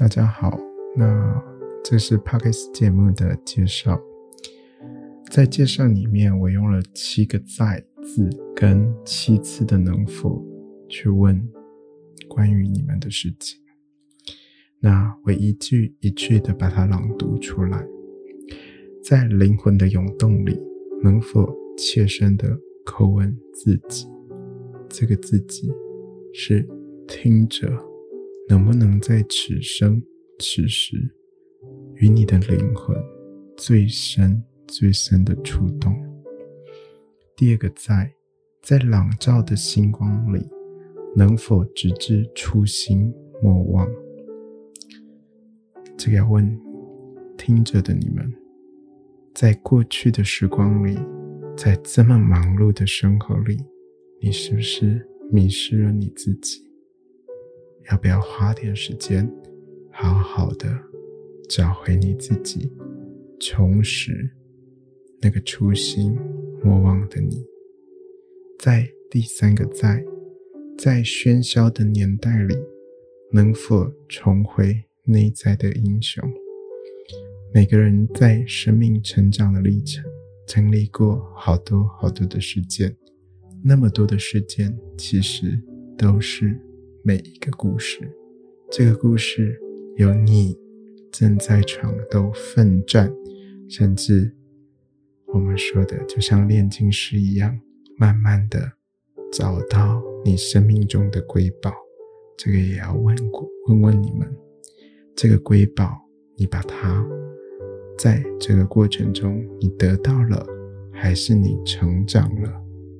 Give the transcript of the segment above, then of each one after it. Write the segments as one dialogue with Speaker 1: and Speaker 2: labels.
Speaker 1: 大家好，那這是 p o 斯 c a s t 節目的介紹。在介紹裡面，我用了七個在字跟七次的能否去問關於你們的事情。那我一句一句的把它朗讀出來。在靈魂的湧動裡，能否切身的叩問自己？這個自己是聽者。能不能在此生此時，與你的靈魂最深最深的觸動？第二個在，在朗照的星光裡，能否直至初心莫忘？這個要問聽着的你們，在過去的時光裡，在這麼忙碌的生活裡，你是不是迷失了你自己？要不要花點時間，好好的找回你自己，重拾那個初心，莫忘的你。在第三個在，在喧囂的年代裡，能否重回內在的英雄？每個人在生命成長的歷程，經歷過好多好多的事件，那麼多的事件其實都是。每一個故事，這個故事有你正在闖鬥奮戰，甚至我們說的就像煉金師一樣，慢慢的找到你生命中的瑰寶。這個也要問過問問你們，這個瑰寶，你把它在這個過程中，你得到了，還是你成長了？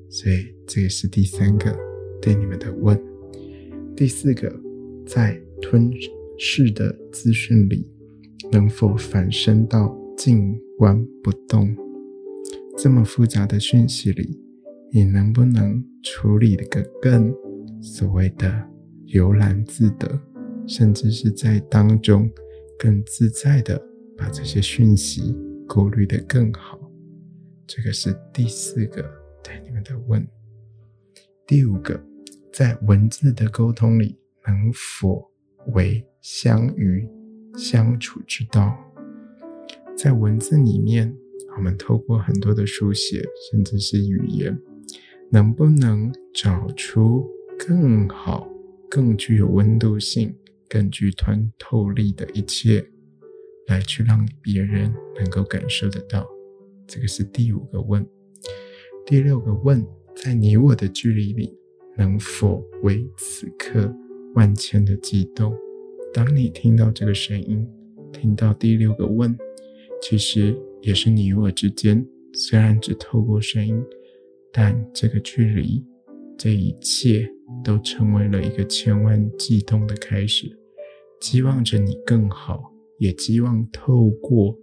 Speaker 1: 所以，這個是第三個對你們的問。第四個，在吞噬的資訊裡，能否反身到靜觀不動？這麼複雜的訊息裡，你能不能處理的個更所謂的悠然自得，甚至是在當中更自在的把這些訊息過濾得更好？這個是第四個對你們的問。第五個。在文字的溝通裡，能否為相與相處之道？在文字裡面，我們透過很多的書寫，甚至是語言，能不能找出更好、更具有溫度性、更具穿透力的一切，來去讓別人能夠感受得到？這個是第五個問。第六個問，在你我的距離裡。能否為此刻萬千的悸動？當你聽到這個聲音，聽到第六個問，其實也是你與我之間，雖然只透過聲音，但這個距離，這一切都成為了一個千萬悸動的開始。期望着你更好，也期望透過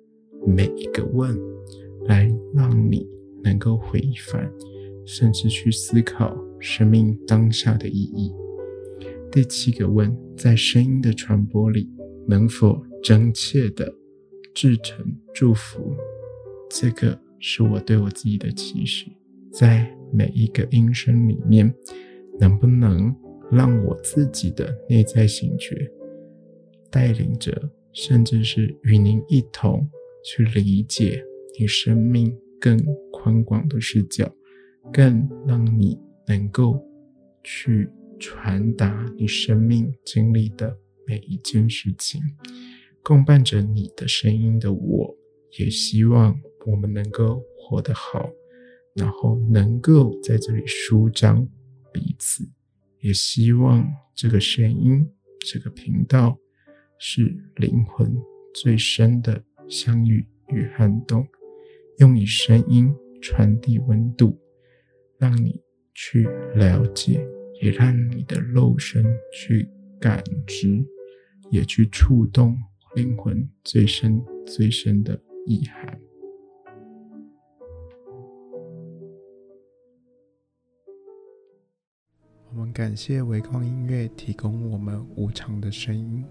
Speaker 1: 每一個問，來讓你能夠回返。甚至去思考生命當下的意義。第七個問：在聲音的傳播裡，能否真切地制成祝福？這個是我對我自己的期許。在每一個音聲裡面，能不能讓我自己的內在醒覺，帶領着，甚至是與您一同去理解你生命更寬廣的視角？更讓你能夠去傳達你生命經歷的每一件事情，共伴着你的聲音的我，也希望我們能夠活得好，然後能夠在這裡舒張彼此。也希望這個聲音，這個頻道，是靈魂最深的相遇與撼動，用你聲音傳遞溫度。讓你去了解，也讓你的肉身去感知，也去觸動靈魂最深、最深的意涵。我們感謝唯光音樂提供我們無常的聲音。